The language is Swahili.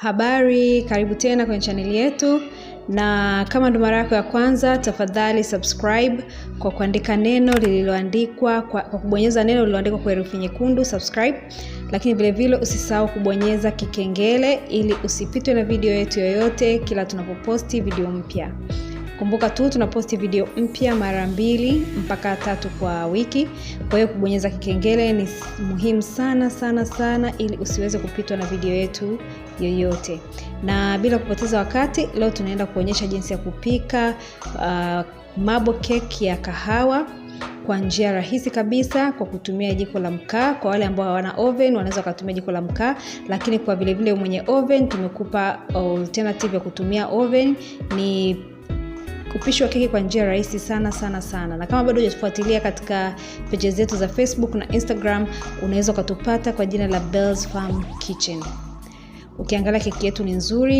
Habari, karibu tena kwenye chaneli yetu, na kama ndo mara yako ya kwanza, tafadhali subscribe kwa kuandika neno lililoandikwa kwa, kwa kubonyeza neno lililoandikwa kwa herufi nyekundu subscribe, lakini vilevile usisahau kubonyeza kikengele ili usipitwe na video yetu yoyote kila tunapoposti video mpya. Kumbuka tu tunaposti video mpya mara mbili mpaka tatu kwa wiki, kwa hiyo kubonyeza kikengele ni muhimu sana sana sana, ili usiweze kupitwa na video yetu yoyote. Na bila kupoteza wakati, leo tunaenda kuonyesha jinsi ya kupika uh, mabo cake ya kahawa kwa njia rahisi kabisa kwa kutumia jiko la mkaa. Kwa wale ambao hawana oven wanaweza wakatumia jiko la mkaa, lakini kwa vilevile mwenye oven tumekupa alternative ya kutumia oven ni kupishwa wa keki kwa njia rahisi sana sana sana na kama bado hujatufuatilia katika peji zetu za facebook na instagram unaweza ukatupata kwa jina la bells farm kitchen ukiangalia keki yetu ni nzuri